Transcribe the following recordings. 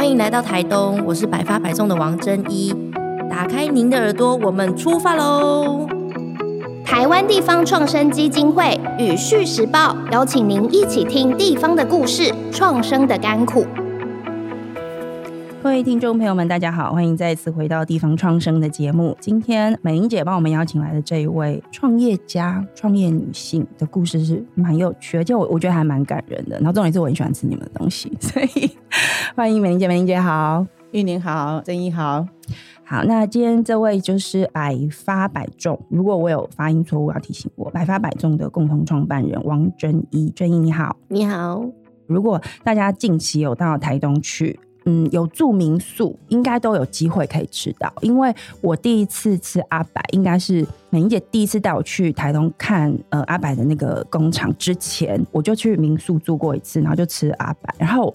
歡迎來到台東，我是粨發粨粽的王禛壹。打開您的耳朵，我們出發嘍！台灣地方創生基金會與《旭時報》邀請您一起聽地方的故事，創生的甘苦。各位聽眾朋友們，大家好，歡迎再一次回到地方創生的節目。今天美伶姐幫我們邀請來的這一位創業家、創業女性的故事是蠻有趣的，而且我我覺得還蠻感人的。然後重點是，我很喜歡吃你們的東西，所以呵呵歡迎美伶姐、美伶姐好，玉玲好，禛壹好，好。那今天這位就是粨發粨粽。如果我有發音錯誤，我要提醒我。粨發粨粽的共同創辦人王禛壹，禛壹你好，你好。你好，如果大家近期有到台東去，嗯，有住民宿，應該都有機會可以吃到。因為我第一次吃阿粨，應該是美伶姐第一次帶我去台東看呃阿粨的那個工廠之前，我就去民宿住過一次，然後就吃阿粨。然後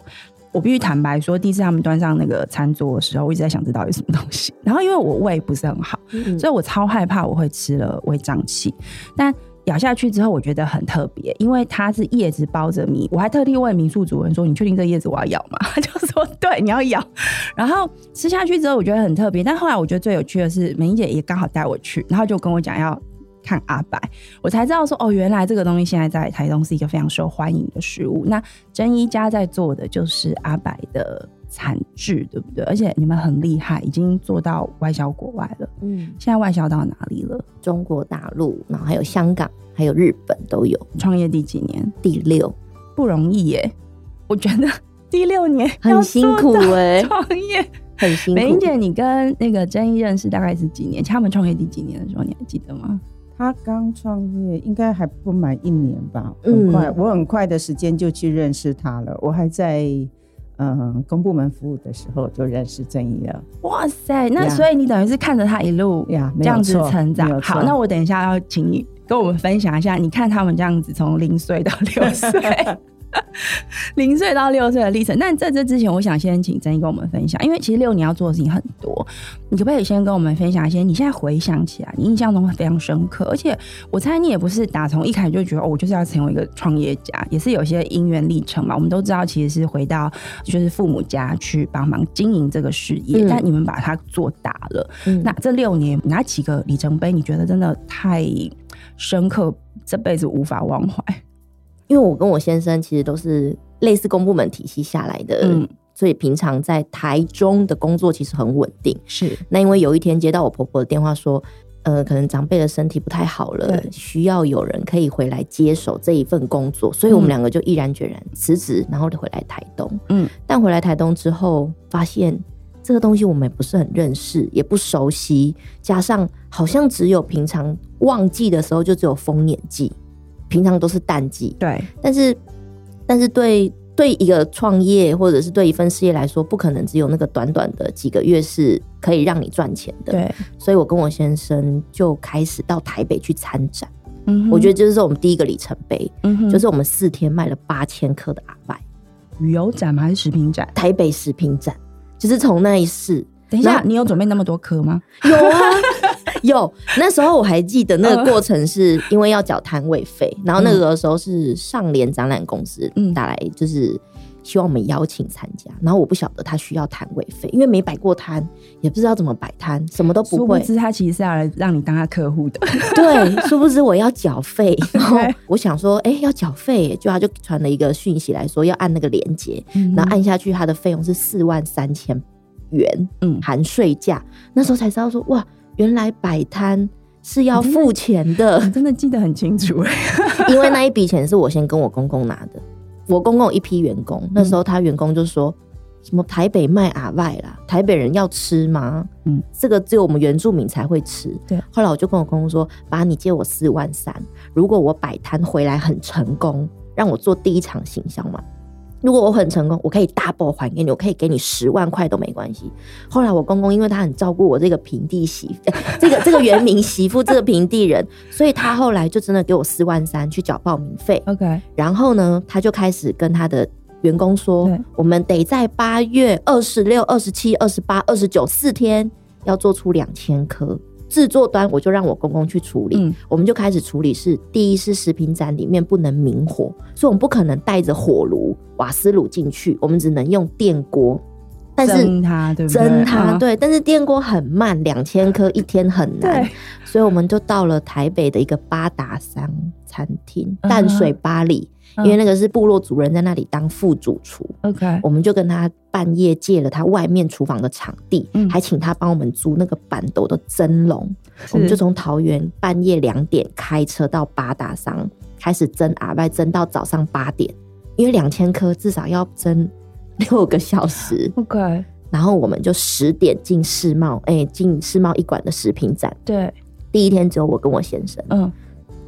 我必須坦白說，第一次他們端上那個餐桌的時候，我一直在想知道有什麼東西。然後因為我胃不是很好，嗯嗯所以我超害怕我會吃了胃脹氣。但咬下去之後，我覺得很特別，因為它是葉子包着米。我還特地問民宿主人說：“你確定這葉子我要咬嗎？”他 就說：“對，你要咬。 ”然後吃下去之後，我覺得很特別。但後來我覺得最有趣的是，美伶姐也剛好帶我去，然後就跟我講要看阿粨，我才知道說哦，原來這個東西現在在台東是一個非常受歡迎的食物。那禛壹家在做的就是阿粨的。產值對不對？而且你們很厲害，已經做到外銷國外了。嗯，現在外銷到哪裡了？中國大陸，然後還有香港，還有日本都有。創業第幾年？第六，不容易耶。我覺得第六年很辛苦哎、欸，創業很辛苦。美伶姐，你跟那個禛壹認識大概是幾年？像他們創業第幾年的時候你還記得嗎？他剛創業，應該還不滿一年吧。很快，嗯、我很快的時間就去認識他了。我還在。嗯，公部門服務的時候就認識禛壹了。哇塞，那所以你等於是看着他一路呀，這樣子成長。好，那我等一下要請你跟我們分享一下，你看他們這樣子從零歲到六歲。零歲 到六歲的歷程，那在這之前，我想先請禛壹跟我們分享，因為其實六年要做的事情很多，你可不可以先跟我們分享一些？你現在回想起來，你印象中非常深刻，而且我猜你也不是打從一開始就覺得、哦，我就是要成為一個創業家，也是有些因緣歷程嘛。我們都知道，其實是回到就是父母家去幫忙經營這個事業，嗯、但你們把它做大了。嗯、那這六年，哪幾個里程碑你覺得真的太深刻，這輩子無法忘懷？因為我跟我先生其實都是類似公部門體系下來的，嗯、所以平常在台中的工作其實很穩定。是那因為有一天接到我婆婆的電話說，呃，可能長輩的身體不太好了，對需要有人可以回來接手這一份工作，所以我們兩個就毅然決然辭職，然後就回來台東。嗯，但回來台東之後，發現這個東西我們也不是很認識，也不熟悉，加上好像只有平常旺季的時候，就只有豐年祭。平常都是淡季，對，但，但是但是，對，對一個創業或者是對一份事業來說，不可能只有那個短短的幾個月是可以讓你賺錢的，對。所以我跟我先生就開始到台北去參展，嗯哼，我覺得這是我們第一個里程碑，嗯哼，就是我們四天賣了八千顆的阿粨、嗯哼，旅遊展還是食品展？台北食品展，就是從那一次。等一下，你有準備那麼多顆嗎？有啊， 有。那時候我還記得那個過程，是因為要繳攤位費，嗯、然後那個時候是上聯展覽公司打來，就是希望我們邀請參加，嗯、然後我不曉得他需要攤位費，因為沒擺過攤，也不知道怎麼擺攤，什麼都不會。殊不知他其實是要來讓你當他客戶的，對。殊不知我要繳費， 然後我想說，哎、欸，要繳費，就他就傳了一個訊息來說要按那個鏈接，嗯、哼然後按下去，他的費用是四萬三千。元，嗯，含稅價。那時候才知道說，哇，原來擺攤是要付錢的。真的，真的記得很清楚 因為那一筆錢是我先跟我公公拿的。我公公有一批員工，那時候他員工就說，嗯、什麼台北賣阿、啊、粨啦，台北人要吃嗎？嗯，這個只有我們原住民才會吃。對，後來我就跟我公公說，爸，你借我四萬三，如果我擺攤回來很成功，讓我做第一場形象嘛。如果我很成功，我可以 double 還給你，我可以給你十萬塊都沒關係。後來我公公因為他很照顧我這個平地媳， 這個這個原民媳婦， 這個平地人，所以他後來就真的給我四萬三去繳報名費。OK，然後呢，他就開始跟他的員工說，Okay. 我們得在八月二十六、二十七、二十八、二十九四天要做出兩千顆。製作端我就讓我公公去處理，嗯、我們就開始處理。是第一是食品展裡面不能明火，所以我們不可能帶着火爐、瓦斯爐進去，我們只能用電鍋。但是蒸它，對不對？蒸它，對，但是電鍋很慢，兩千顆一天很難，對所以我們就到了台北的一個八達山餐廳淡水巴黎。嗯因為那個是部落主人在那裡當副主廚，OK，我們就跟他半夜借了他外面廚房的場地，嗯、還請他幫我們租那個板斗的蒸籠。是我們就從桃園半夜兩點開車到八達山，開始蒸阿粨，啊、蒸到早上八點，因為兩千顆至少要蒸六個小時，OK。然後我們就十點進世貿，哎、欸，進世貿一館的食品展。對，第一天只有我跟我先生，嗯，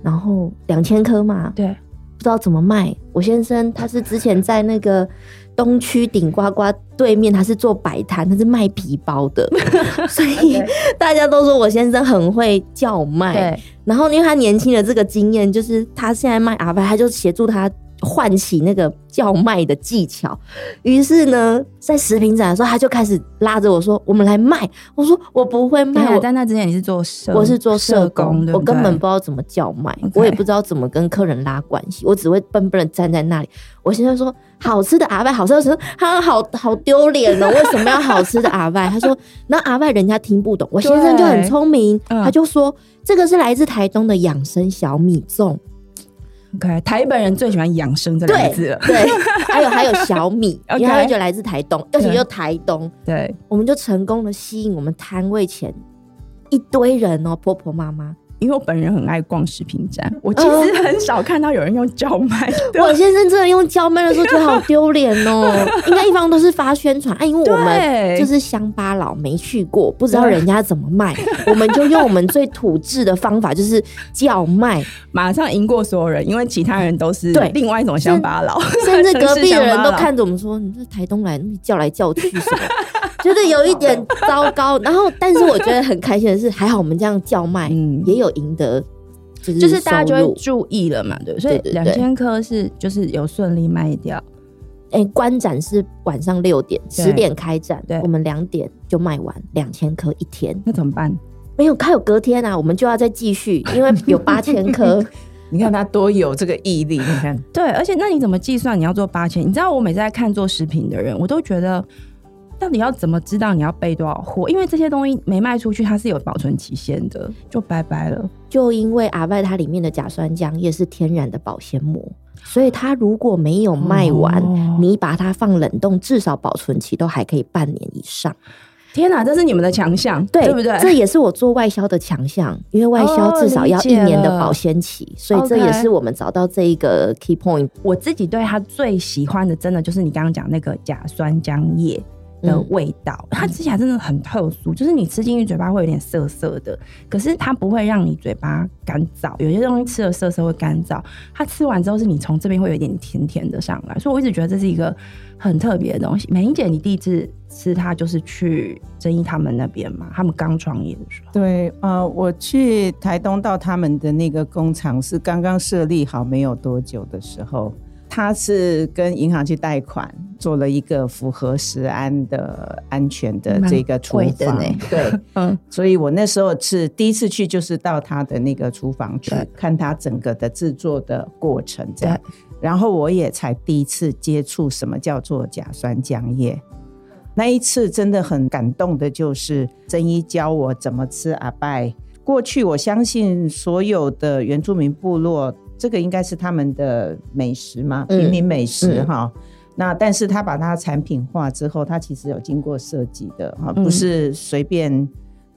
然後兩千顆嘛，對。不知道怎麼賣，我先生他是之前在那個東區頂呱呱對面，他是做擺攤，他是賣皮包的， 所以大家都說我先生很會叫賣。 Okay. 然後因為他年輕的這個經驗，就是他現在賣阿粨，他就協助他。喚起那個叫賣的技巧，於是呢，在食品展的時候，他就開始拉着我說：“我們來賣。”我說：“我不會賣。”但那之前，你是做社我，我是做社工，社工對對，我根本不知道怎麼叫賣，Okay. 我也不知道怎麼跟客人拉關係，我只會笨笨的站在那裡。我先生說：“好吃的阿粨，好吃的。”他說：“好好丟臉了。 為什麼要好吃的阿粨？”他說：“那阿粨人家聽不懂。”我先生就很聰明，對他就說：“嗯、這個是來自台東的養生小米粽。” Okay, 台北人最喜歡養生這兩個字，對，還有還有小米，因為它們就來自台東，而且 Okay. 就台東，嗯、對，我們就成功的吸引我們攤位前一堆人哦，婆婆媽媽。因為我本人很愛逛食品展，我其實很少看到有人用叫賣。我、呃、吧先生真的用叫賣的時候覺得好丟臉哦， 應該一般都是發宣傳，哎、啊，因為我們就是鄉巴佬，沒去過，對不知道人家怎麼賣，對我們就用我們最土質的方法，就是叫賣，馬上贏過所有人，因為其他人都是另外一種鄉巴佬，巴佬甚至隔壁的人都看着我們說：“你這台東來，你叫來叫去什麼？” 就是有一點糟糕， 然後但是我覺得很開心的是，還好我們這樣叫賣嗯，也有贏得就，就是大家就會注意了嘛，對不對，所以兩千顆是就是有順利賣掉。哎、欸，觀展是晚上六點十對點開展，對我們兩點就賣完兩千顆一天，那怎麼辦？沒有，還有隔天啊，我們就要再繼續，因為有八千顆。 你看他多有這個毅力，看看 對，而且那你怎麼計算你要做八千？你知道我每次在看做食品的人，我都覺得。到底要怎麼知道你要備多少貨？因為這些東西沒賣出去，它是有保存期限的，就拜拜了。就因為阿粨它裡面的假酸漿葉是天然的保鮮膜，所以它如果沒有賣完，哦、你把它放冷凍，至少保存期都還可以半年以上。天哪、啊，這是你們的強項，哦、對不對？這也是我做外銷的強項，因為外銷至少要一年的保鮮期，哦、所以這也是我們找到這一個 key point。Okay 我自己對它最喜歡的，真的就是你剛剛講那個假酸漿葉的味道，嗯、它吃起來真的很特殊，嗯、就是你吃進去嘴巴會有點澀澀的，可是它不會讓你嘴巴乾燥。有些東西吃了澀澀會乾燥，它吃完之後是你從這邊會有一點甜甜的上來，所以我一直覺得這是一個很特別的東西。美伶姐，你第一次吃它就是去禛壹他們那邊嘛？他們剛創業的時候？對，啊、呃，我去台東到他們的那個工廠是剛剛設立好沒有多久的時候。他是跟銀行去貸款，做了一個符合食安的安全的這個廚房。的對，嗯， 所以我那時候是第一次去，就是到他的那個廚房去對看他整個的製作的過程這樣。對，然後我也才第一次接觸什麼叫做假酸漿葉。那一次真的很感動的，就是禛壹教我怎麼吃阿拜。過去我相信所有的原住民部落。這個應該是他們的美食嘛，平民美食哈。嗯嗯、那但是他把它產品化之後，他其實有經過設計的哈，嗯、不是隨便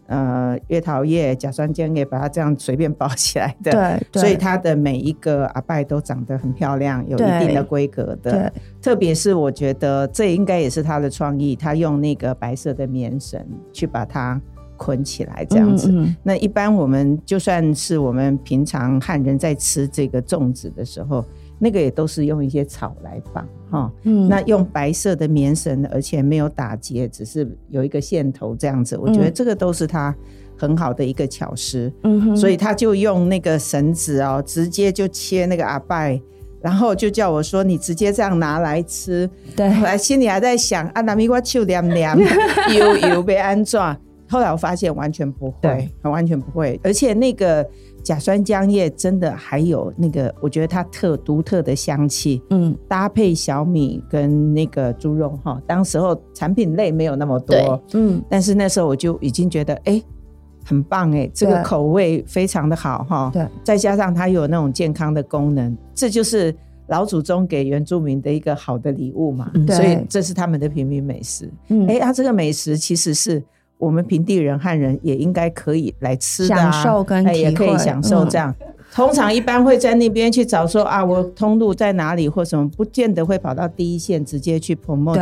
呃月桃葉、假酸漿葉把它這樣隨便包起來的。對。對所以它的每一個阿粨都長得很漂亮，有一定的規格的。對特別是我覺得這應該也是他的創意，他用那個白色的棉繩去把它。捆起來這樣子，嗯嗯，那一般我們就算是我們平常漢人在吃這個粽子的時候，那個也都是用一些草來綁哈。嗯、那用白色的棉繩，而且沒有打結，只是有一個線頭這樣子。我覺得這個都是他很好的一個巧思。嗯、哼所以他就用那個繩子哦，直接就切那個阿拜，然後就叫我說，你直接這樣拿來吃。對，我心裡還在想啊，南米我手涼涼， 油油袂安怎後來我發現完全不會，對完全不會，而且那個假酸漿葉真的還有那個，我覺得它特獨特的香氣，嗯，搭配小米跟那個豬肉哈，當時候產品類沒有那麼多，嗯，但是那時候我就已經覺得哎、欸，很棒哎、欸，這個口味非常的好哈，對再加上它有那種健康的功能，對這就是老祖宗給原住民的一個好的禮物嘛，對所以這是他們的平民美食，哎、嗯，它、欸啊、這個美食其實是。我們平地人漢人也應該可以來吃的、啊，享受跟也可以享受這樣。嗯、通常一般會在那邊去找說、嗯、啊，我通路在哪裡或什麼，不見得會跑到第一線直接去 promote，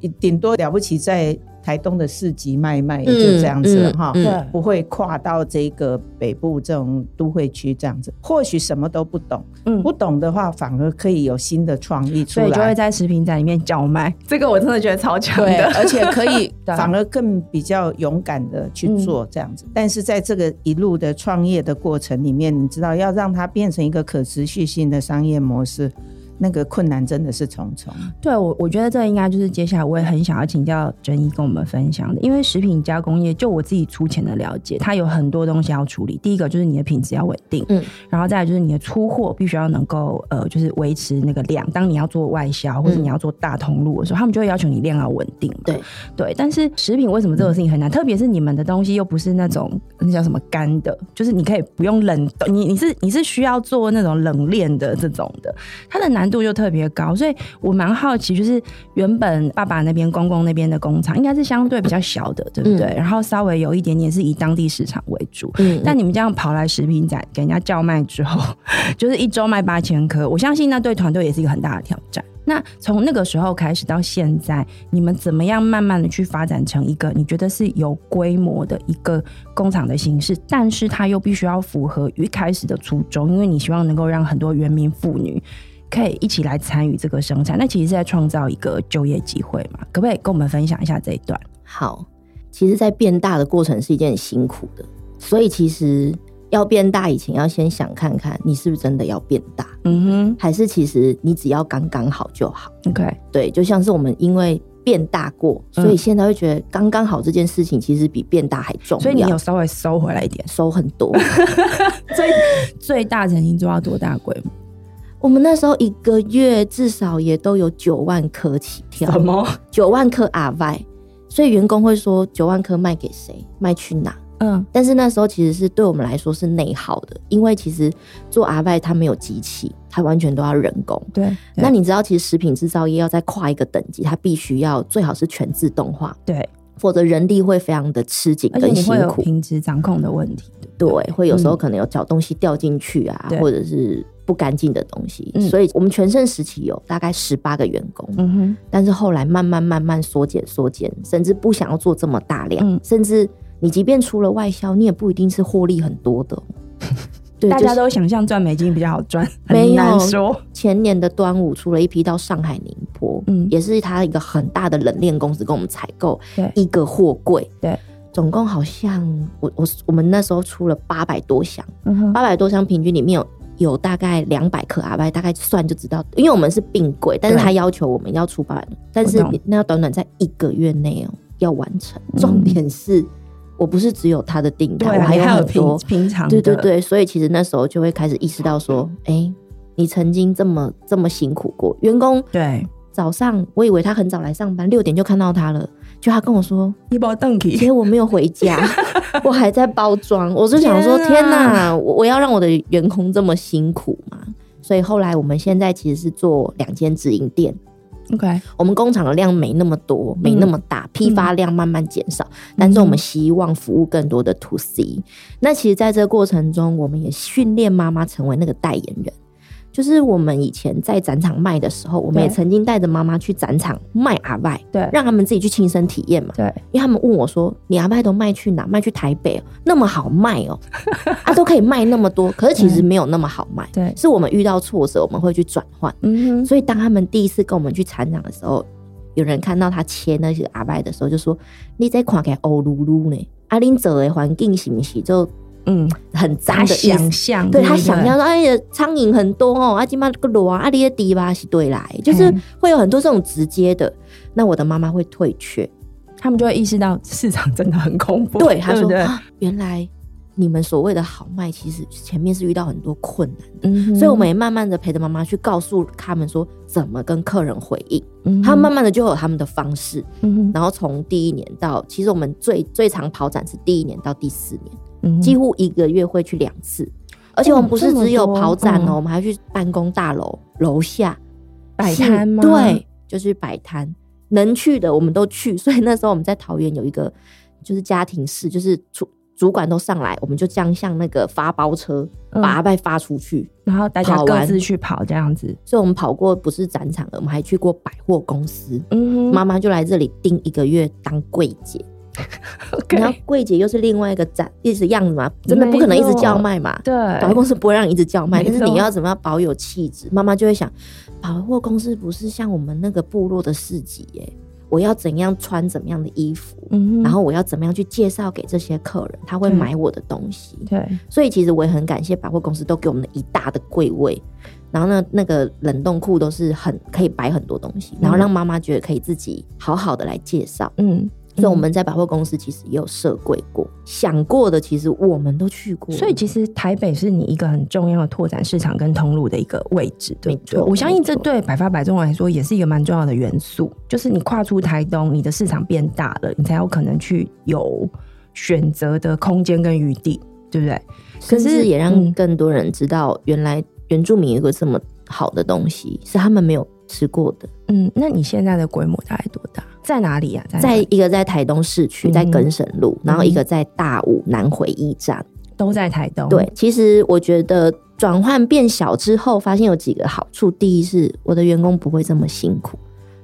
對頂多了不起在。台東的市集賣賣也就這樣子哈，嗯嗯，不會跨到這個北部這種都會區這樣子。對 或許什麼都不懂，嗯、不懂的話反而可以有新的創意出來，就會在食品展裡面叫賣。這個我真的覺得超強的，而且可以 對 反而更比較勇敢的去做這樣子。嗯、但是在這個一路的創業的過程裡面，你知道要讓它變成一個可持續性的商業模式。那個困難真的是重重。對我，我覺得這應該就是接下來我也很想要請教禛壹跟我們分享的，因為食品加工業，就我自己粗淺的了解，它有很多東西要處理。第一個就是你的品質要穩定，嗯，然後再來就是你的出貨必須要能夠呃，就是維持那個量。當你要做外銷或者你要做大通路的時候，嗯、他們就會要求你量要穩定嘛，對對。但是食品為什麼這種事情很難？特別是你們的東西又不是那種那叫什麼乾的，就是你可以不用冷，你你是你是需要做那種冷鏈的這種的，它的難度就特別高，所以我蠻好奇，就是原本爸爸那邊、公公那邊的工廠，應該是相對比較小的，對不對？嗯、然後稍微有一點點是以當地市場為主。嗯，嗯，但你們這樣跑來食品展給人家叫賣之後，就是一周賣八千顆，我相信那對團隊也是一個很大的挑戰。那從那個時候開始到現在，你們怎麼樣慢慢的去發展成一個你覺得是有規模的一個工廠的形式？但是它又必須要符合一開始的初衷，因為你希望能夠讓很多原民婦女。可以一起來參與這個生產，那其實是在創造一個就業機會嘛，可不可以跟我們分享一下這一段？好，其實，在變大的過程是一件很辛苦的，所以其實要變大以前，要先想看看你是不是真的要變大，嗯哼，還是其實你只要剛剛好就好。OK，對，就像是我們因為變大過，所以現在會覺得剛剛好這件事情其實比變大還重要，嗯、所以你有稍微收回來一點，收很多。 最 最大曾經做到多大規模？我們那時候一個月至少也都有九萬顆起跳，什麼九萬顆阿粨 V, 所以員工會說九萬顆賣給誰，賣去哪。嗯，但是那時候其實是對我們來說是內耗的，因為其實做阿粨它沒有機器，它完全都要人工。對，對那你知道其實食品製造業要再跨一個等級，它必須要最好是全自動化，對，否則人力會非常的吃緊，很辛苦。品質掌控的問題的，對，對，會有時候可能有小東西掉進去啊，對或者是。不乾淨的東西，嗯、所以我們全盛時期有大概十八個員工，嗯哼，但是後來慢慢慢慢縮減縮減，甚至不想要做這麼大量，嗯、甚至你即便出了外銷，你也不一定是獲利很多的。嗯、對大家都想象賺美金比較好賺，很難說。沒有，前年的端午出了一批到上海寧波，嗯，也是他一個很大的冷鏈公司跟我們採購，對一個貨櫃，對，總共好像我我我們那時候出了八百多箱，八百、嗯、哼多箱平均裡面有。有大概兩百顆阿粨，大概算就知道，因為我們是併櫃，但是他要求我們要出八百對但是那要短短在一個月內哦、喔，要完成。我懂 重點是、嗯、我不是只有他的訂單，對我還有很多還還有平，平常，對對對，所以其實那時候就會開始意識到說，哎的、欸，你曾經這麼這麼辛苦過，員工對早上我以為他很早來上班，六點就看到他了，就他跟我說，你不要動，結果我沒有回家。 我還在包裝，我就想說，天、啊，天哪，我我要讓我的員工這麼辛苦嘛？所以後來我們現在其實是做兩間直營店。OK，我們工廠的量沒那麼多，沒那麼大，嗯、批發量慢慢減少，嗯、但是我們希望服務更多的 to C 嗯嗯。那其實，在這個過程中，我們也訓練媽媽成為那個代言人。就是我們以前在展場賣的時候，我們也曾經帶着媽媽去展場賣阿粨，對，讓他們自己去親身體驗嘛。對，因為他們問我說：“你阿粨都賣去哪？賣去台北哦，那麼好賣哦， 啊，都可以賣那麼多。”可是其實沒有那麼好賣。對，是我們遇到挫折，我們會去轉換。嗯哼對。所以當他們第一次跟我們去展場的時候，嗯、哼有人看到他切那些阿粨的時候，就說：“嗯、哼你這款給歐露露呢？阿玲走的環境是不是就？”嗯，很扎的想象，對，他想象說，哎呀，蒼蠅很多哦、喔，阿雞媽個羅阿里的迪巴西對來，嗯、就是會有很多這種直接的。那我的媽媽會退卻，他們就會意識到市場真的很恐怖。對，他說對對啊，原來你們所謂的好賣，其實前面是遇到很多困難嗯哼，所以我們也慢慢的陪着媽媽去告訴他們說，怎麼跟客人回應。嗯哼，他慢慢的就有他們的方式。嗯哼，然後從第一年到，其實我們最最長跑展是第一年到第四年。幾乎一個月會去兩次，而且我們不是只有跑展哦、喔，嗯嗯、我們還去辦公大樓樓下擺攤嗎？對，就是擺攤，能去的我們都去。所以那時候我們在桃園有一個，就是家庭式，就是主主管都上來，我們就將向那個發包車、嗯、把它發出去，然後大家各自去跑這樣子。所以我們跑過不是展場了，我們還去過百貨公司。嗯哼，媽媽就來這裡訂一個月當櫃姐。 okay, 然後櫃姐又是另外一個展，一直樣子嘛，真的不可能一直叫賣嘛。對錯，百貨公司不會讓你一直叫賣，對但是你要怎麼樣保有氣質？媽媽錯就會想，百貨公司不是像我們那個部落的市集耶、欸，我要怎樣穿怎麼樣的衣服，嗯、哼然後我要怎麼樣去介紹給這些客人，他會買我的東西。對，對所以其實我也很感謝百貨公司都給我們一大的櫃位，然後呢，那個冷凍庫都是很可以擺很多東西，然後讓媽媽覺得可以自己好好的來介紹。嗯。嗯所以我們在百貨公司其實也有設櫃過，想過的其實我們都去過。所以其實台北是你一個很重要的拓展市場跟通路的一個位置，對不對？我相信這對粨發粨粽來說也是一個蠻重要的元素。就是你跨出台東，你的市場變大了，你才有可能去有選擇的空間跟餘地，對不對？可是，是也讓更多人知道，原來原住民有個這麼好的東西是他們沒有吃過的。嗯，那你現在的規模大概多大？在哪裡啊？在哪裡，在一個在台東市區，在更生路，嗯、然後一個在大武、嗯、南回驛站，都在台東。對，其實我覺得轉換變小之後，發現有幾個好處。第一是我的員工不會這麼辛苦，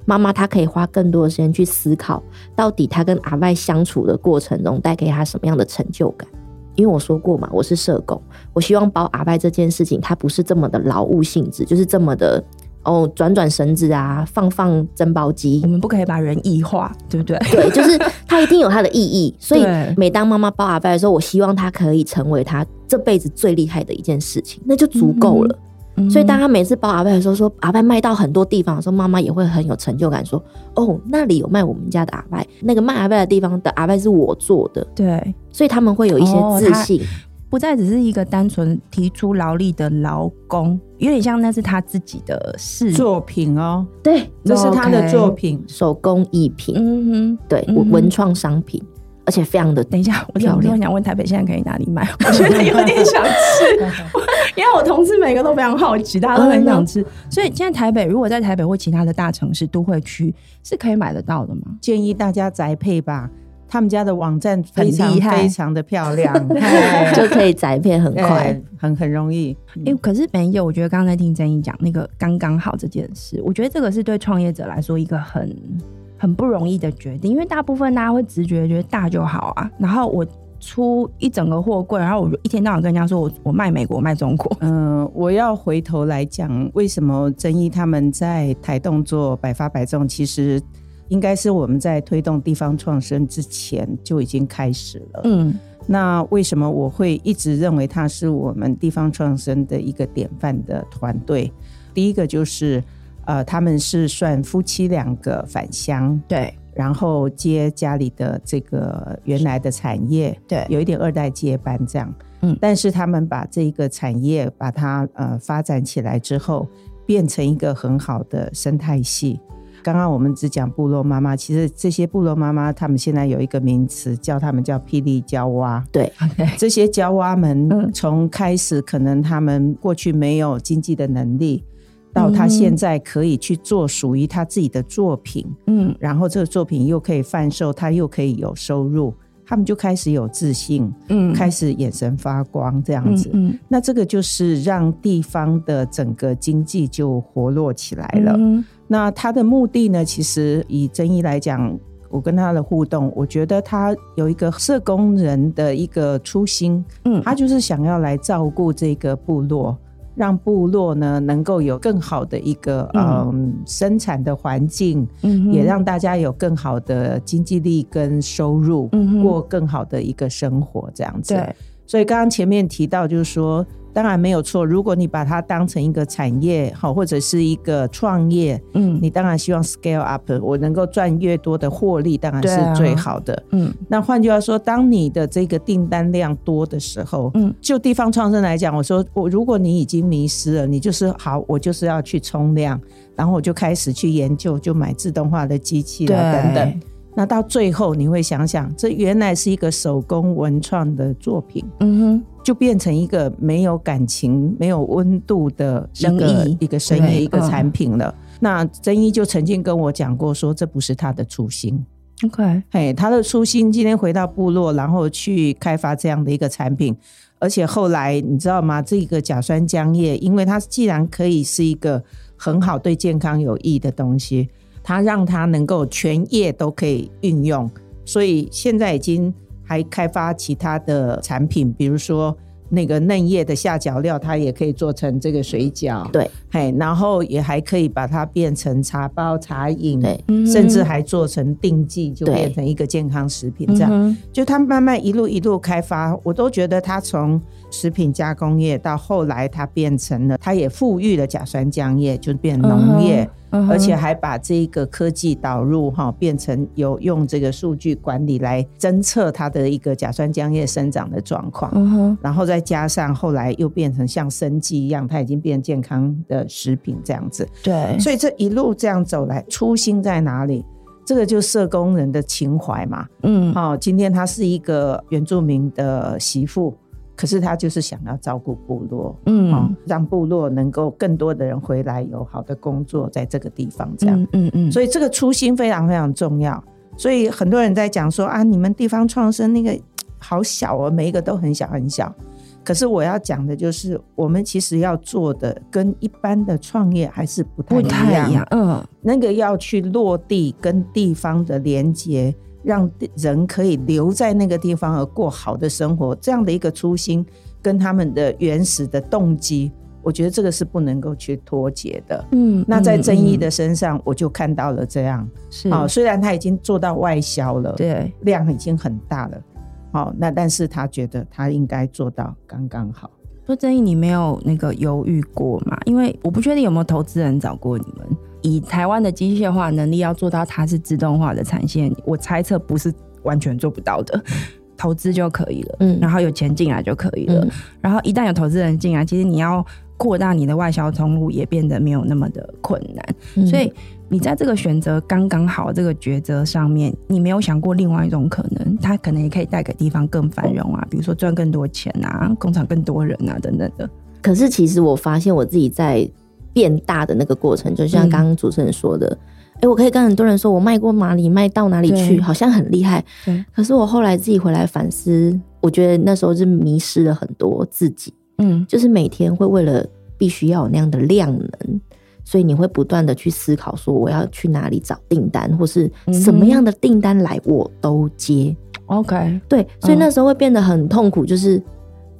媽媽她可以花更多的時間去思考，到底她跟阿粨相處的過程中帶給她什麼樣的成就感。因為我說過嘛，我是社工，我希望包阿粨這件事情，它不是這麼的勞務性質，就是這麼的。哦，轉轉繩子啊，放放蒸包機。我們不可以把人異化，對不對？對，就是它一定有它的意義。 所以每當媽媽包阿拜的時候，我希望他可以成為他這輩子最厲害的一件事情，那就足夠了。嗯嗯嗯，所以當他每次包阿拜的時候，說阿拜賣到很多地方的時候，媽媽也會很有成就感說，說哦，那裡有賣我們家的阿拜，那個賣阿拜的地方的阿拜是我做的。對，所以他們會有一些自信。哦不再只是一個單純提出勞力的勞工，有點像那是他自己的事。作品哦。對，那是他的作品，okay, 手工藝品。嗯哼，對，嗯哼，文創商品，而且非常的。等一下，我想問台北現在可以哪裡買？我覺得有點想吃， 因為我同事每個都非常好奇，他都很想吃。嗯、所以現在台北，如果在台北或其他的大城市都會區，是可以買得到的嗎？建議大家宅配吧。他們家的網站非常非常的漂亮，厲 Hi 就可以摘片很快， yeah, 很很容易，欸。可是沒有，我覺得剛才聽禛壹講那個剛剛好這件事，我覺得這個是對創業者來說一個很很不容易的決定，因為大部分大家會直覺覺得大就好啊。然後我出一整個貨櫃，然後我一天到晚跟人家說我我賣美國賣中國。嗯、呃，我要回頭來講為什麼禛壹他們在台東做粨發粨粽，其實。應該是我們在推動地方創生之前就已經開始了。嗯，那為什麼我會一直認為它是我們地方創生的一個典範的團隊？第一個就是，呃，他們是算夫妻兩個返鄉，對，然後接家裡的這個原來的產業，對，有一點二代接班這樣。嗯，但是他們把這個產業把它呃發展起來之後，變成一個很好的生態系。剛剛我們只講部落媽媽，其實這些部落媽媽，他們現在有一個名詞，叫他們叫霹靂驕娃。對，Okay 這些驕娃們、嗯、從開始可能他們過去沒有經濟的能力，到他現在可以去做屬於他自己的作品，嗯，然後這個作品又可以販售，他又可以有收入，他們就開始有自信，嗯，開始眼神發光這樣子。嗯嗯，那這個就是讓地方的整個經濟就活絡起來了。嗯那他的目的呢？其實以禛壹來講，我跟他的互動，我覺得他有一個社工人的一個初心，嗯，他就是想要來照顧這個部落，讓部落呢能夠有更好的一個嗯，嗯生產的環境，嗯哼，也讓大家有更好的經濟力跟收入，嗯哼，過更好的一個生活，這樣子。對所以剛剛前面提到，就是說，當然沒有錯，如果你把它當成一個產業，好，或者是一個創業，嗯，你當然希望 scale up，我能夠賺越多的獲利，當然是最好的。嗯，那換句話說，當你的這個訂單量多的時候，嗯，就地方創生來講，我說我如果你已經迷失了，你就是好，我就是要去衝量，然後我就開始去研究，就買自動化的機器了等等。那到最後，你會想想，這原來是一個手工文創的作品，嗯哼，就變成一個沒有感情、沒有溫度的生、那個、意，一個生意，對一個產品了。嗯、那禛壹就曾經跟我講過說，說這不是他的初心。OK，嘿他的初心今天回到部落，然後去開發這樣的一個產品，而且後來你知道嗎？這個假酸漿葉，因為它既然可以是一個很好對健康有益的東西。它讓它能夠全葉都可以運用，所以現在已經還開發其他的產品，比如說那個嫩葉的下腳料，它也可以做成這個水餃，對，嘿，然後也還可以把它變成茶包、茶飲，對甚至還做成錠劑，就變成一個健康食品。這樣，對就它慢慢一路一路開發，我都覺得它從食品加工業到後來它變成了，它也富裕了假酸漿葉，就變農業。嗯而且還把這個科技導入哈，變成有用這個數據管理來偵測它的一個假酸漿葉生長的狀況，嗯、哼然後再加上後來又變成像生技一樣，它已經變健康的食品這樣子。對，所以這一路這樣走來，初心在哪裡？這個就是社工人的情懷嘛。嗯，好，今天她是一個原住民的媳婦。可是他就是想要照顧部落，啊、嗯哦，讓部落能夠更多的人回來，有好的工作在這個地方，這樣。嗯嗯。嗯嗯，所以這個初心非常非常重要。所以很多人在講說啊，你們地方創生那個好小哦、啊，每一個都很小很小。可是我要講的就是，我們其實要做的跟一般的創業還是不太一樣。不太啊、嗯。那個要去落地跟地方的連接。讓人可以留在那個地方而過好的生活，這樣的一個初心跟他們的原始的動機，我覺得這個是不能夠去脫節的。嗯，那在禛壹的身上，我就看到了這樣。是啊、哦，雖然他已經做到外銷了，對，量已經很大了。好、哦，那但是他覺得他應該做到剛剛好。說禛壹，你沒有那個猶豫過嗎？因為我不確定有沒有投資人找過你們。以台灣的機械化能力要做到它是自動化的產線，我猜測不是完全做不到的，投資就可以了，嗯，然後有錢進來就可以了，嗯，然後一旦有投資人進來，其實你要擴大你的外銷通路也變得沒有那麼的困難，嗯，所以你在這個選擇剛剛好這個抉擇上面，你沒有想過另外一種可能，它可能也可以帶給地方更繁榮啊，比如說賺更多錢啊，工廠更多人啊等等的。可是其實我發現我自己在。變大的那個過程，就是、像剛剛主持人說的，哎、嗯欸，我可以跟很多人說，我賣過哪裡，賣到哪裡去，對 好像很厲害。對 可是我後來自己回來反思，我覺得那時候是迷失了很多自己。嗯，就是每天會為了必須要有那樣的量能，所以你會不斷的去思考，說我要去哪裡找訂單，或是什麼樣的訂單來我都接。OK、嗯嗯、對，所以那時候會變得很痛苦，就是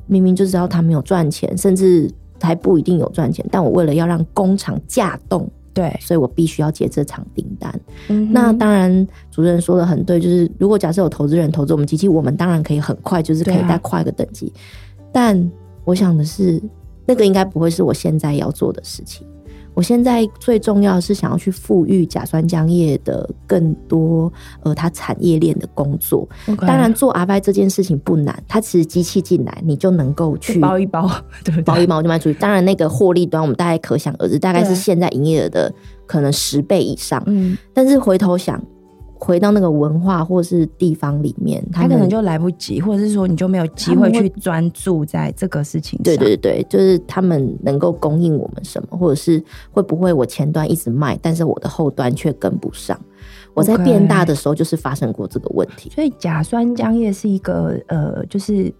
明明就知道他沒有賺錢，甚至。還不一定有賺錢，但我為了要讓工廠稼動，對，所以我必須要接這場訂單。嗯、哼那當然，主持人說的很對，就是如果假設有投資人投資我們機器，我們當然可以很快，就是可以再跨一個等級。啊、但我想的是，那個應該不會是我現在要做的事情。我現在最重要的是想要去富裕假酸漿葉的更多，呃，它產業鏈的工作。Okay. 當然，做阿粨這件事情不難，它其實機器進來你就能夠去包一包，對不對？包一包就賣出去。當然，那個獲利端我們大概可想而知，大概是現在營業額的可能十倍以上。嗯對，但是回頭想。回到那個文化或是地方裡面，他可能就來不及，或者是說你就沒有機會去專注在這個事情上。事情上對對對，就是他們能夠供應我們什麼，或者是會不會我前端一直賣，但是我的後端卻跟不上。我在變大的時候，就是發生過這個問題。Okay, 所以假酸漿葉是一個呃，就是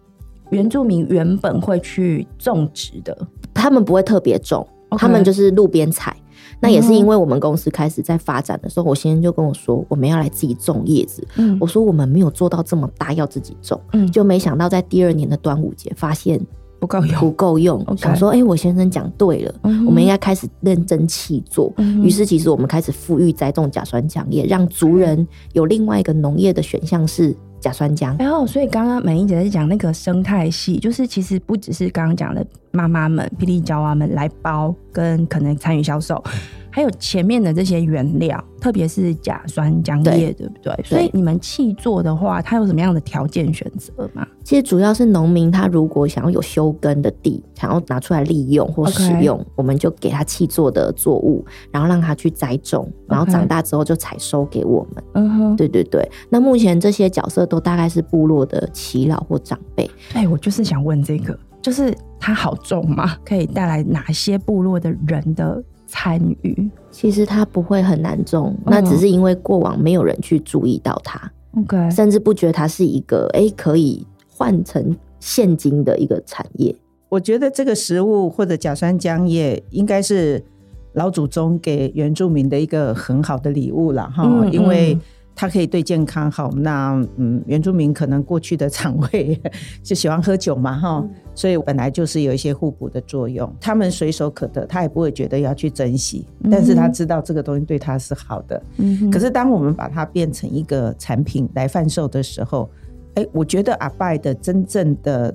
原住民原本會去種植的，他們不會特別種，Okay 他們就是路邊採。那也是因為我們公司開始在發展的時候，我先生就跟我說，我們要來自己種葉子。嗯、我說我們沒有做到這麼大要自己種，嗯、就沒想到在第二年的端午節發現不夠用，不夠用，用 Okay. 想說，哎、欸，我先生講對了，嗯、哼我們應該開始認真去做。於、嗯、哼是，其實我們開始復育栽種假酸漿葉，讓族人有另外一個農業的選項是。假酸漿，然後、哎、所以剛剛美伶姐在講那個生態系，就是其實不只是剛剛講的媽媽們、霹靂嬌娃們來包，跟可能參與銷售。 還有前面的這些原料，特別是假酸漿葉對，對不對？所以你們契作的話，它有什麼樣的條件選擇嗎？其實主要是農民，他如果想要有休耕的地，想要拿出來利用或使用，Okay. 我們就給他契作的作物，然後讓他去栽種，然後長大之後就採收給我們。嗯哼，對對對。那目前這些角色都大概是部落的耆老或長輩。哎，我就是想問這個，就是它好種嗎？可以帶來哪些部落的人的？參與，其實它不會很難種，嗯哦、那只是因為過往沒有人去注意到它，Okay 甚至不覺得它是一個、欸、可以換成現金的一個產業。我覺得這個食物或者假酸漿葉應該是老祖宗給原住民的一個很好的禮物了哈，嗯嗯，因為。它可以對健康好，那嗯，原住民可能過去的腸胃就喜歡喝酒嘛，哈、嗯，所以本來就是有一些互補的作用。他們隨手可得，他也不會覺得要去珍惜，嗯、哼但是他知道這個東西對他是好的。嗯哼，可是當我們把它變成一個產品來販售的時候，哎、欸，我覺得阿粨的真正的。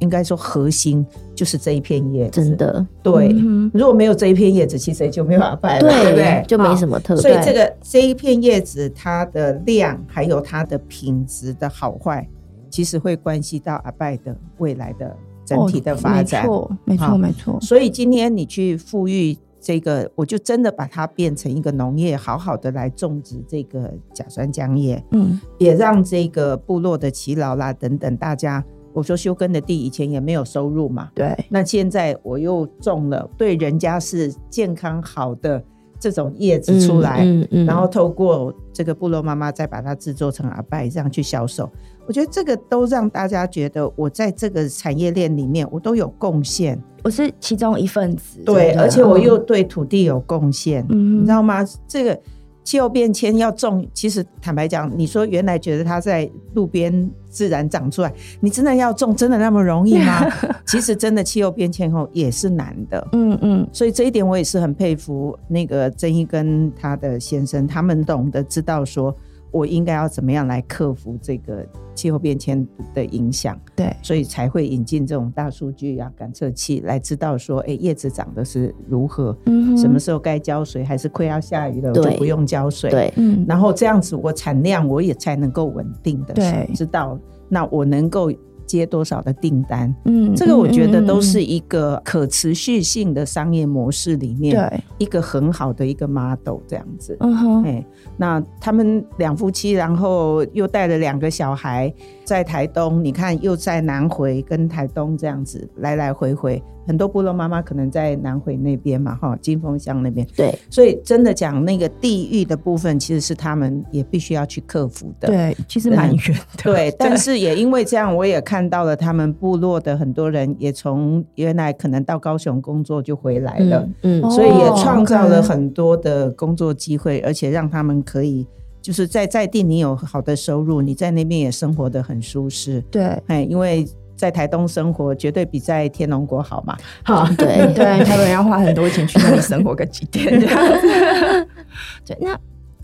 應該說，核心就是這一片葉子，真的對。嗯、哼如果沒有這一片葉子，其實就沒有阿粨了，對對？對就沒什麼特色。所以，這個這一片葉子，它的量還有它的品質的好壞，其實會關係到阿粨的未來的整體的發展。沒錯、哦，沒錯，沒錯。所以，今天你去復育這個，我就真的把它變成一個農業，好好的來種植這個假酸漿葉。嗯，也讓這個部落的耆老啦等等大家。我說休耕的地以前也沒有收入嘛，對。那現在我又種了，對人家是健康好的這種葉子出來，嗯嗯嗯、然後透過這個部落媽媽再把它制作成阿拜，這樣去銷售。我覺得這個都讓大家覺得我在這個產業鏈裡面我都有貢獻，我是其中一份子。對，而且我又對土地有貢獻，嗯、你知道嗎？這個。氣候變遷要種，其實坦白講，你說原來覺得它在路邊自然長出來，你真的要種，真的那麼容易嗎？ 其實真的氣候變遷後也是難的。嗯嗯，所以這一點我也是很佩服那個禛壹跟他的先生，他們懂得知道說。我應該要怎麼樣來克服這個氣候變遷的影響？對，所以才會引進這種大數據呀、啊、感測器來知道說，哎、欸，葉子長得是如何，嗯、哼什麼時候該澆水，還是快要下雨了，對就不用澆水。對，然後這樣子，我產量我也才能夠穩定的對知道，那我能夠，接多少的訂單？嗯,嗯,嗯,嗯,嗯,嗯，這個我覺得都是一個可持續性的商業模式裡面，對一個很好的一個 model 這樣子。嗯哼，哎，那他們兩夫妻，然後又帶了兩個小孩，在台東，你看又在南回跟台東這樣子來來回回。很多部落媽媽可能在南回那邊嘛，哈，金峰鄉那邊。對，所以真的講那個地域的部分，其實是他們也必須要去克服的。對，其實蠻遠的。對，對但是也因為這樣，我也看到了他們部落的很多人也從原來可能到高雄工作就回來了。嗯。嗯所以也創造了很多的工作機會，嗯、而且讓他們可以就是在在地你有好的收入，你在那邊也生活得很舒適。對，因為。在台東生活絕對比在天龍國好嘛？好，對， 對他們要花很多錢去那裡生活個幾天這樣子。 對，那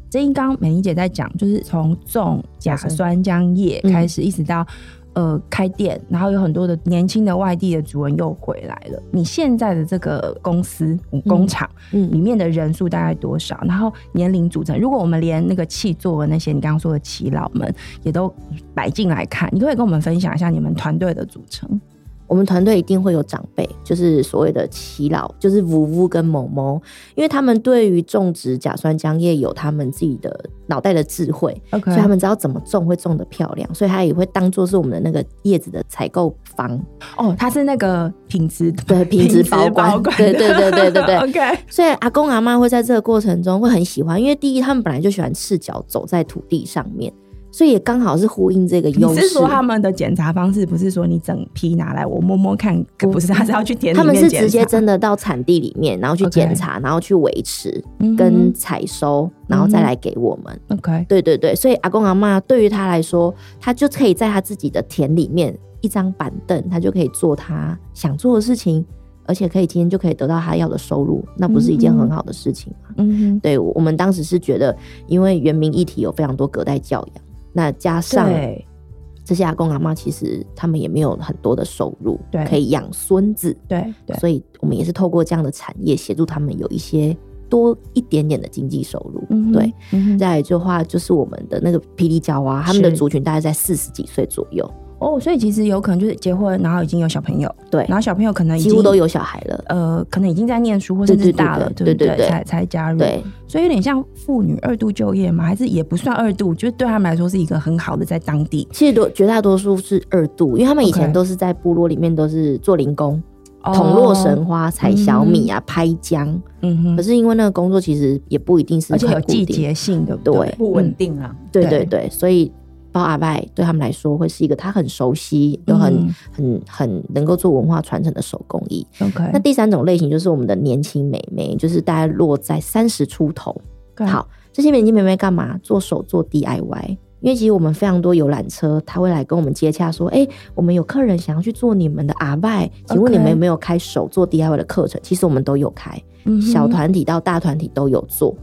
這剛美伶姐在講，就是從種假酸漿葉開始，一直到。呃，開店，然後有很多的年輕的外地的主人又回來了，你現在的這個公司工廠，裡面的人數大概多少？嗯嗯、然後年齡組成，如果我們連那個器座的那些你剛剛說的耆老們也都擺進來看，你都可，可以跟我們分享一下你們團隊的組成。我們團隊一定會有長輩，就是所謂的耆老，就是 Vuvu 跟某某，因為他們對於種植假酸漿葉有他們自己的腦袋的智慧，Okay. 所以他們知道怎麼種會種得漂亮，所以他也會當做是我們的那個葉子的採購方。哦，他是那個品質對品質保管，保管對、對、對、對對對對對對。Okay. 所以阿公阿媽會在這個過程中會很喜歡，因為第一他們本來就喜歡赤腳走在土地上面。所以也剛好是呼應這個優勢。不是說他們的檢查方式，不是說你整批拿來我摸摸看，可不是，他是要去田裡面檢查。他們是直接真的到產地裡面，然後去檢查，Okay. 然後去維持、嗯、哼跟採收，然後再來給我們。嗯、OK，對對對。所以阿公阿嬤對於他來說，他就可以在他自己的田裡面一張板凳，他就可以做他想做的事情，而且可以今天就可以得到他要的收入，那不是一件很好的事情嗎？嗯哼，對。我們當時是覺得，因為原民議題有非常多隔代教養。那加上這些阿公阿媽，其實他們也沒有很多的收入，對，可以養孫子對，對，所以我們也是透過這樣的產業協助他們有一些多一點點的經濟收入，嗯、哼對。再來就話就是我們的那個霹靂驕娃啊，是他們的族群大概在四十幾歲左右。哦，所以其實有可能就是結婚，然後已經有小朋友，對，然後小朋友可能已經都有小孩了，呃，可能已經在念書或者大了，對對對，才才加入，對，所以有點像婦女二度就業嘛，還是也不算二度，就是對他們來說是一個很好的在當地。其實都絕大多數是二度，因為他們以前都是在部落裡面都是做零工，捅洛神花、採小米啊、拍薑，嗯哼。可是因為那個工作其實也不一定是，而且有季節性的，對，不穩定啊，對對對，所以。包阿拜對他們來說會是一個他很熟悉、又、嗯、很很很能夠做文化傳承的手工藝。OK，那第三種類型就是我們的年輕美眉，就是大概落在三十出頭。Okay. 好，這些年輕美眉幹嘛做手做 DIY？因為其實我們非常多遊覽車，他會來跟我們接洽說：“哎、欸，我們有客人想要去做你們的阿拜，請問你們有沒有開手做 DIY 的課程？” Okay. 其實我們都有開，小團體到大團體都有做。Okay.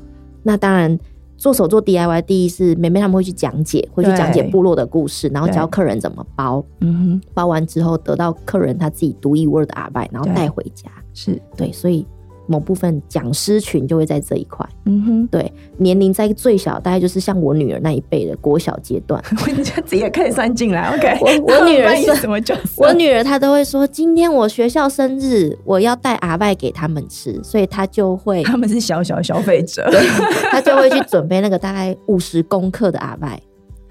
那當然。做手作 DIY，第一是妹妹他們會去講解，會去講解部落的故事，對然後教客人怎麼包。嗯哼，包完之後得到客人他自己獨一無二的阿粨，然後帶回家。對是對，所以。某部分講師群就會在這一塊，嗯哼，對，年齡在最小，大概就是像我女兒那一輩的國小階段 我，我女兒也可以算進來。OK，我我女兒是什麼我女兒她都會說，今天我學校生日，我要帶阿粨給他們吃，所以她就會，他們是小小消費者 對，他就會去準備那個大概五十公克的阿粨。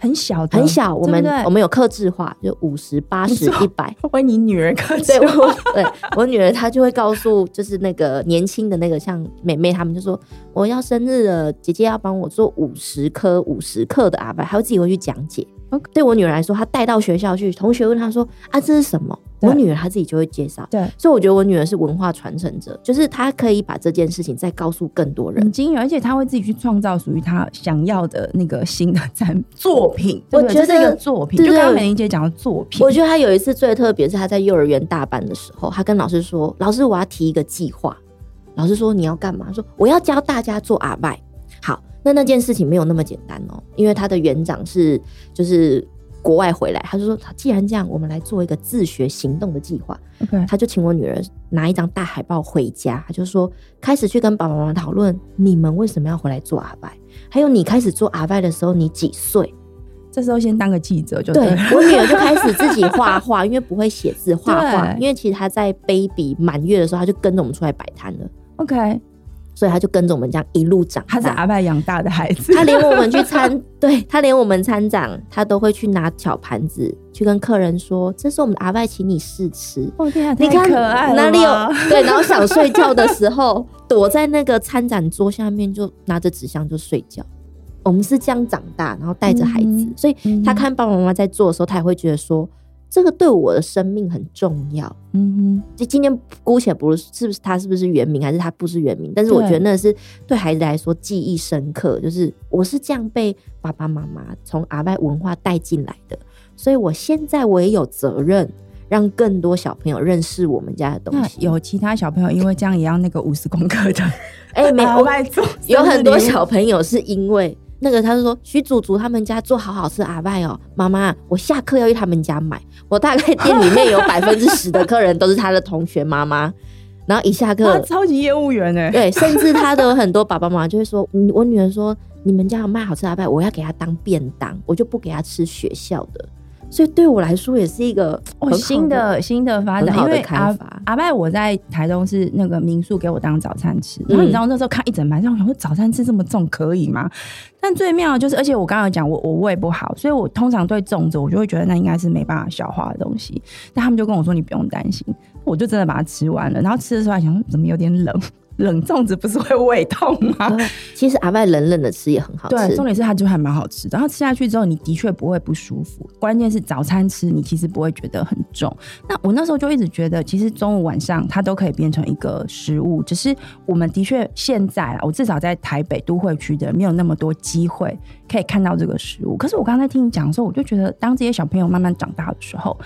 很小的很小，對對，我們我們有客製化，就五十八十一百為你女兒客製對，我，對我女兒，她就會告訴就是那個年輕的那個像妹妹她們就說，我要生日了，姐姐要幫我做五十顆五十克的阿粨，她會自己會去講解。Okay. 對我女兒來說，她帶到學校去，同學問她說啊，這是什麼？對我女兒她自己就會介紹，對，所以我覺得我女兒是文化傳承者，就是她可以把這件事情再告訴更多人，很驚人，而且她會自己去創造屬於她想要的那個新的產品作品。吧我覺得這個作品，對對對就剛剛美伶姐講的作品。我覺得她有一次最特別，是她在幼兒園大班的時候，她跟老師說：“老師，我要提一個計劃。”老師說：“你要幹嘛？”說：“我要教大家做阿粨。」好，那那件事情沒有那麼簡單哦、喔，因為她的園長是就是。國外回來，他就說：“他既然這樣，我們來做一個自學行動的計劃。” Okay. 他就請我女兒拿一張大海報回家，他就說：“開始去跟爸爸媽媽討論，你們為什麼要回來做阿粨？還有你開始做阿粨的時候，你幾歲？”這時候先當個記者就對。對我女兒就開始自己畫畫， 因為不會寫字畫畫，畫畫對。因為其實她在 baby 滿月的時候，她就跟着我們出來擺攤了。OK。所以他就跟着我們這樣一路長大，他是阿粨養大的孩子，他連我們去參，對他連我們參長，他都會去拿小盤子去跟客人說，這是我們的阿粨，請你試吃。哦天啊太可愛哪裡有？對，然後想睡覺的時候，躲在那個參展桌下面，就拿着紙箱就睡覺。我們是這樣長大，然後帶着孩子，所以他看爸爸媽媽在做的時候，他也會覺得說。這個對我的生命很重要。嗯哼，就今天姑且不論是，是不是他是不是原名，還是他不是原名，但是我覺得那是對孩子來說對記憶深刻，就是我是這樣被爸爸媽媽從阿粨文化帶進來的。所以我現在我也有責任，讓更多小朋友認識我們家的東西。有其他小朋友因為這樣也要那個五十公克的， 哎、欸，沒有， 有很多小朋友是因為。那個，他就說徐祖祖他們家做好好吃的阿粨哦，媽媽，我下課要去他們家買。我大概店裡面有百分之十的客人都是他的同學媽媽，然後一下課，超級業務員哎、欸，對，甚至他的很多爸爸媽媽就會說，我女兒說你們家有賣好吃的阿粨，我要給他當便當，我就不給他吃學校的。所以對我來說也是一個的、哦、新的新的發展，因為阿阿粨我在台東是那個民宿給我當早餐吃，嗯、然後你知道那時候看一整盤，我想說早餐吃這麼重可以嗎？但最妙的就是，而且我剛剛講我我胃不好，所以我通常對粽子我就會覺得那應該是沒辦法消化的東西，但他們就跟我說你不用擔心，我就真的把它吃完了，然後吃的時候還想說怎麼有點冷，冷粽子不是會胃痛嗎？其實阿粨冷冷的吃也很好吃，對，重點是它就還蠻好吃的。然後吃下去之後，你的確不會不舒服。關鍵是早餐吃，你其實不會覺得很重。那我那時候就一直覺得，其實中午晚上它都可以變成一個食物，只是我們的確現在啊，我至少在台北都會區的，沒有那麼多機會可以看到這個食物。可是我剛才聽你講的時候，我就覺得，當這些小朋友慢慢長大的時候。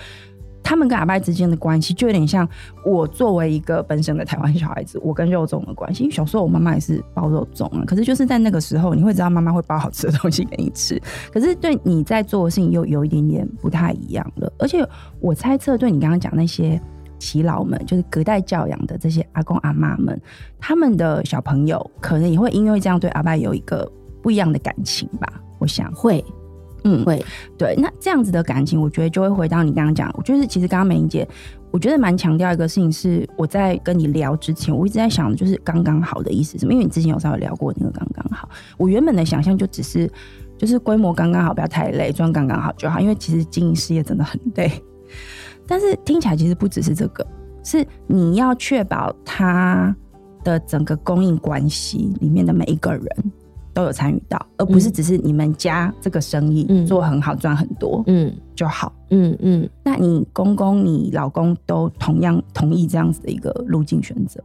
他們跟阿粨之間的關係，就有點像我作為一個本省的台灣小孩子，我跟肉粽的關係。因為小時候我媽媽也是包肉粽啊，可是就是在那個時候，你會知道媽媽會包好吃的東西給你吃，可是對你在做的事情又有一點點不太一樣了。而且我猜測，對你剛剛講那些耆老們，就是隔代教養的這些阿公阿媽們，他們的小朋友可能也會因為這樣對阿粨有一個不一樣的感情吧？我想會。嗯，會對。那這樣子的感情，我覺得就會回到你剛剛講，我覺得其實剛剛美伶姐，我覺得蠻強調一個事情是，我在跟你聊之前，我一直在想的就是剛剛好的意思什麼？因為你之前有稍微聊過那個剛剛好，我原本的想象就只是就是規模剛剛好，不要太累，賺剛剛好就好。因為其實經營事業真的很累，但是聽起來其實不只是這個，是你要確保他的整個供應關係裡面的每一個人。都有參與到，而不是只是你們家這個生意、嗯、做很好賺很多嗯就好嗯嗯，嗯，那你公公你老公都同樣同意這樣子的一個路徑選擇？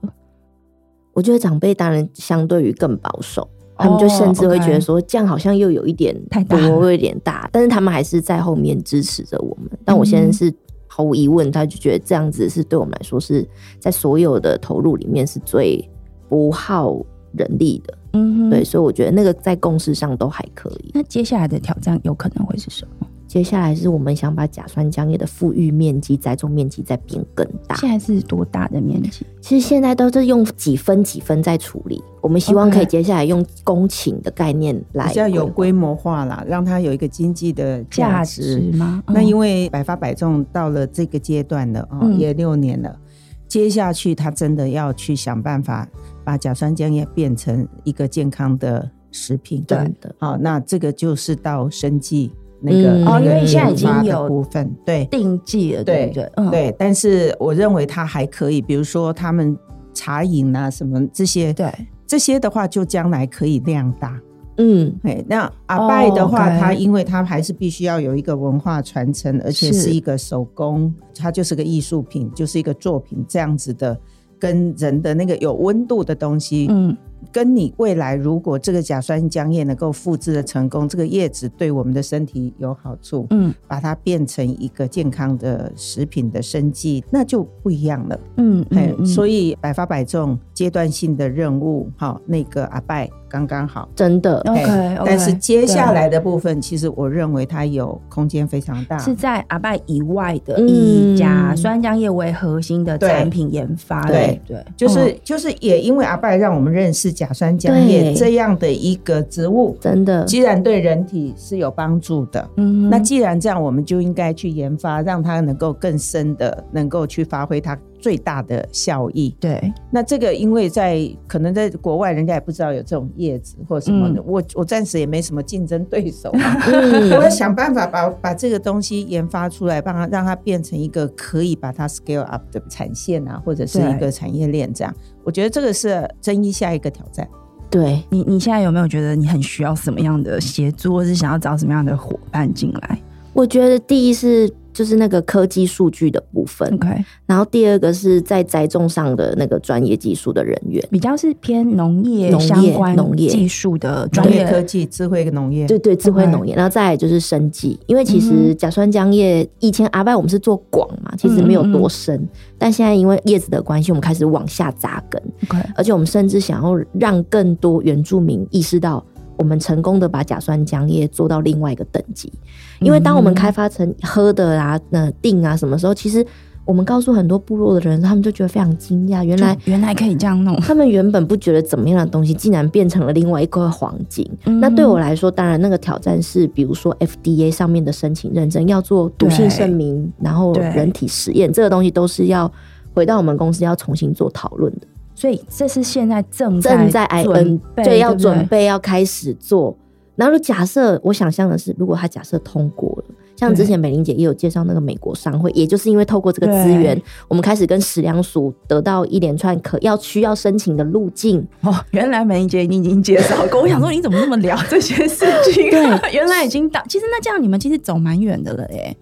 我覺得長輩當然相對於更保守，他們就甚至會覺得說這樣好像又有一點太大，哦 okay，有一點大，大，但是他們還是在後面支持着我們。但我現在是毫無疑問，他就覺得這樣子是對我們來說是在所有的投入裡面是最不耗人力的。嗯哼，對，所以我覺得那個在共識上都還可以。那接下來的挑戰有可能會是什麼？接下來是我們想把假酸漿葉的富裕面積、栽種面積再變更大。現在是多大的面積？其實現在都是用幾分幾分在處理。我們希望可以接下來用公頃的概念來，比較 Okay. 有規模化了，讓它有一個經濟的價值，值嗎？哦、那因為粨發粨粽到了這個階段了，嗯、也六年了，接下去他真的要去想辦法。把假酸漿也變成一個健康的食品，對，好的、哦，那這個就是到生技、嗯、那個哦，因為現在已經有部分對定技了，對對對、嗯、對？但是我認為它還可以，比如說他們茶飲啊什麼這些，對這些的話，就將來可以量大。嗯，那阿拜的話，哦 okay、它，因為它還是必須要有一個文化傳承，而且是一個手工，是它就是個藝術品，就是一個作品這樣子的。跟人的那個有溫度的東西，嗯。跟你未來如果這個假酸漿葉能夠複制的成功，這個葉子對我們的身體有好處，嗯，把它變成一個健康的食品的生技，那就不一樣了，嗯，哎、嗯，嗯、所以粨發粨粽階段性的任務，哈，那個阿粨剛剛好，真的，OK，, okay 但是接下來的部分，對其實我認為它有空間非常大，是在阿粨以外的以假、嗯、酸漿葉為核心的產品研發的對，對對，嗯、就是就是也因為阿粨讓我們認識、嗯。假酸漿葉對這樣的一個植物，真的，既然對人體是有幫助的，嗯對，那既然這樣，我們就應該去研發，讓它能夠更深的，能夠去發揮它。最大的效益。對，那這個因為在可能在國外，人家也不知道有這種葉子或什麼的，嗯、我我暫時也沒什麼競爭對手。嗯、我要想辦法把把這個東西研發出來，幫它讓它變成一個可以把它 scale up 的產線啊，或者是一個產業鏈這樣。對我覺得這個是爭議下一個挑戰。對，你你現在有沒有覺得你很需要什麼樣的協助，或者是想要找什麼樣的夥伴進來？我覺得第一是。就是那個科技數據的部分，OK。然後第二個是在栽種上的那個專業技術的人員，比較是偏農業相關農業技術的專業科技對智慧農業，對對智慧農業。Okay. 然後再來就是生技，因為其實甲酸漿葉以前阿粨我們是做廣嘛，嗯、其實沒有多深，嗯嗯但現在因為葉子的關係，我們開始往下扎根。OK。而且我們甚至想要讓更多原住民意識到。我們成功的把假酸漿葉做到另外一個等級，因為當我們開發成喝的啊、那錠、mm hmm. 呃、啊什麼時候，其實我們告訴很多部落的人，他們就覺得非常驚訝，原來原來可以這樣弄。他們原本不覺得怎麼樣的東西，竟然變成了另外一塊黃金。Mm hmm. 那對我來說，當然那個挑戰是，比如說 FDA 上面的申請認證，要做毒性證明，對然後人體實驗，對這個東西都是要回到我們公司要重新做討論的。所以這是現在正在準備，正在挨奔，最備要準備要開始做。對對，然後就假設我想象的是，如果他假設通過了，像之前美玲姐也有介紹那個美國商會，對也就是因為透過這個資源，對我們開始跟食藥署得到一連串可要需要申請的路徑。哦，原來美玲姐你已經介紹過， 我想說你怎麼那麼聊這些事情？ 對， 原來已經到。其實那這樣你們其實走蠻遠的了，耶。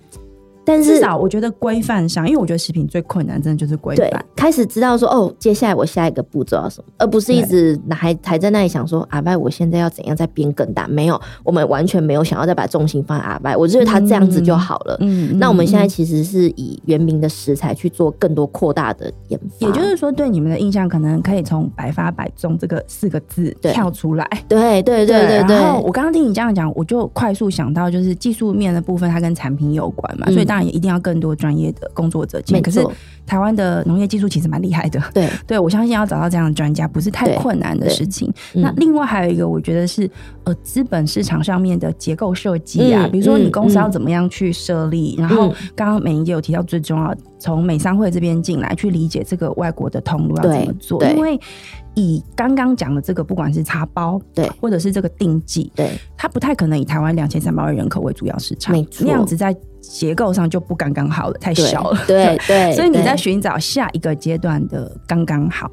但是至少我覺得規範上，因為我覺得食品最困難的真的就是規範。對，開始知道說哦，接下來我下一個步驟要什麼，而不是一直還對還在那裡想說阿粨，我現在要怎樣再變更大？沒有，我們完全沒有想要再把重心放在阿粨，我覺得他這樣子就好了。嗯，那我們現在其實是以原民的食材去做更多擴大的研發，也就是說，對你們的印象可能可以從“粨發粨粽”這個四個字跳出來。對對對對對,對,對。然後我剛剛聽你這樣講，我就快速想到就是技術面的部分，它跟產品有關嘛，嗯、所以當那一定要更多專業的工作者進。沒錯，可是台灣的農業技術其實蠻厲害的。對，對我相信要找到這樣的專家不是太困難的事情。嗯、那另外還有一個，我覺得是呃資本市場上面的結構設計啊，嗯、比如說你公司要怎麼樣去設立，嗯、然後剛剛美伶姐有提到最重要，從美商會這邊進來去理解這個外國的通路要怎麼做。對對，因為以剛剛講的這個，不管是茶包對，或者是這個定計對，它不太可能以台灣兩千三百萬人口為主要市場，沒錯，那樣子在。結構上就不剛剛好了，太小了。對對。對對 所以你在尋找下一個階段的剛剛好。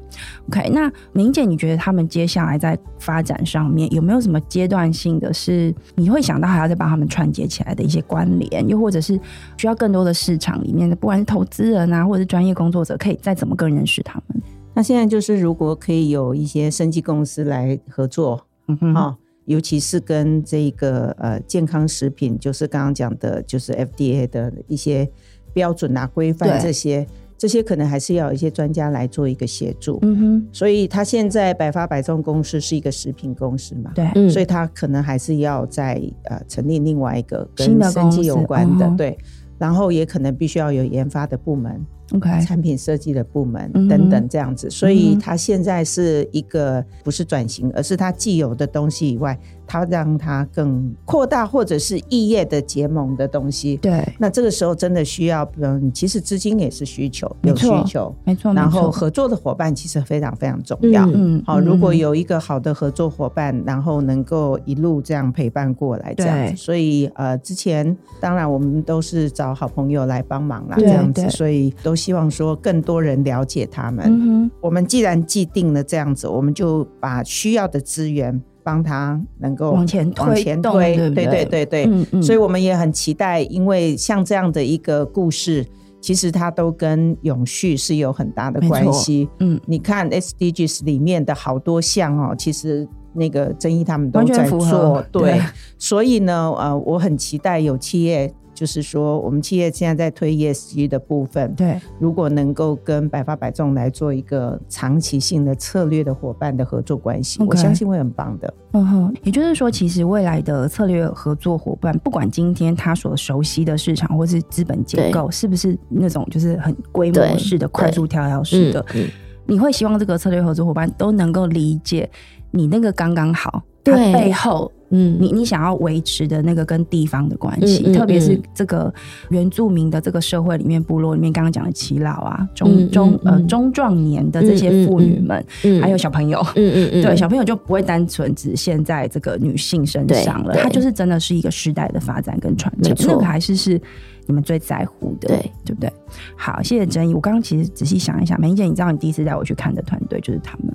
OK，那伶姐，你覺得他們接下來在發展上面有沒有什麼階段性的是你會想到還要再把他們串接起來的一些關聯，又或者是需要更多的市場裡面的，不管是投資人啊，或者是專業工作者，可以再怎麼更認識他們？那現在就是，如果可以有一些生技公司來合作，嗯哼，哈、哦。尤其是跟這個呃健康食品，就是剛剛講的，就是 FDA 的一些標準啊、規範這些，對這些可能還是要有一些專家來做一個協助。嗯哼，所以他現在百發百中公司是一個食品公司嘛？對，所以他可能還是要再呃成立另外一個跟生技有關的，的對，然後也可能必須要有研發的部門。Okay. 產品設計的部門等等這樣子，嗯哼。所以它現在是一個不是轉型，而是它既有的東西以外。它讓它更擴大，或者是異業的結盟的東西。對，那這個時候真的需要，嗯，其實資金也是需求，沒錯，有需求，沒錯錯。然後合作的夥伴其實非常非常重要。嗯，好、哦，嗯、如果有一個好的合作夥伴，然後能夠一路這樣陪伴過來，這樣子。對所以呃，之前當然我們都是找好朋友來幫忙啦，這樣子，所以都希望說更多人了解他們。嗯、哼我們既然既定了這樣子，我們就把需要的資源。幫他能夠往前推，往前推，往前推對對對對，對。嗯嗯、所以，我們也很期待，因為像這樣的一個故事，其實它都跟永續是有很大的關係。沒錯 嗯、你看 SDGs 裡面的好多項哦，其實那個曾毅他們都在做。對，所以呢，呃，我很期待有企業。就是說，我們企業現在在推 ESG 的部分，對，如果能夠跟粨發粨粽來做一個長期性的策略的夥伴的合作關係，Okay. 我相信會很棒的。嗯哼、okay. uh，huh. 也就是說，其實未來的策略合作夥伴，嗯、不管今天他所熟悉的市場或是資本結構，對是不是那種就是很規模式的快速跳躍式的，你會希望這個策略合作夥伴都能夠理解你那個剛剛好，對他背後。嗯，你你想要維持的那個跟地方的關係，嗯嗯嗯、特別是這個原住民的這個社會裡面，部落裡面剛剛講的耆老啊，中中呃中壯年的這些婦女們，嗯嗯嗯、還有小朋友，嗯嗯嗯，嗯嗯對，小朋友就不會單純只限在這個女性身上了，它就是真的是一個時代的發展跟傳承，沒錯，那個還是是你們最在乎的，對對不對？好，謝謝禛壹，嗯、我剛剛其實仔細想一想，美伶姐，你知道你第一次帶我去看的團隊就是他們。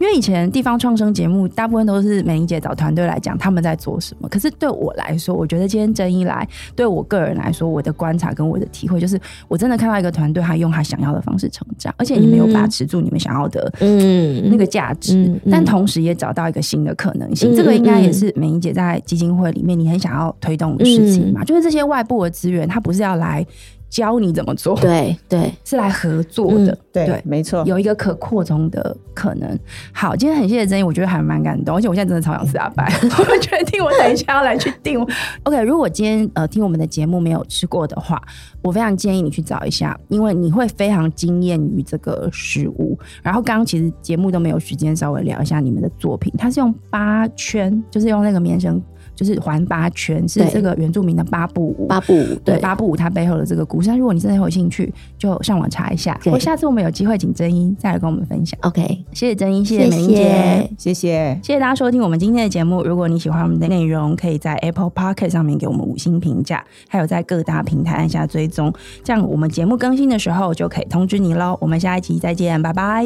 因為以前地方創生節目大部分都是美伶姐找團隊來講他們在做什麼，可是對我來說，我覺得今天禛壹來對我個人來說，我的觀察跟我的體會就是，我真的看到一個團隊他用他想要的方式成長，而且你沒有把持住你們想要的嗯那個價值，嗯、但同時也找到一個新的可能性。嗯嗯、這個應該也是美伶姐在基金會裡面你很想要推動的事情嘛，就是這些外部的資源，它不是要來。教你怎麼做？對對，對是來合作的。嗯、對，對沒錯，有一個可擴充的可能。好，今天很謝謝禛壹，我覺得還蠻感動，而且我現在真的超想吃阿粨 我決定，我等一下要來去訂。OK，如果今天呃聽我們的節目沒有吃過的話，我非常建議你去找一下，因為你會非常驚豔於這個食物。然後剛剛其實節目都沒有時間稍微聊一下你們的作品，它是用八圈，就是用那個棉繩。就是環八權是這個原住民的八部舞，八部舞對，對八部舞它背後的這個故事。那如果你真的有興趣，就上網查一下。對我下次我們有機會，請禛壹再來跟我們分享。OK，謝謝禛壹，謝謝美伶姐，謝謝謝謝大家收聽我們今天的節目。如果你喜歡我們的內容，可以在 Apple Podcast 上面給我們五星評價，還有在各大平台按下追蹤，這樣我們節目更新的時候就可以通知你嘍。我們下一集再見，拜拜。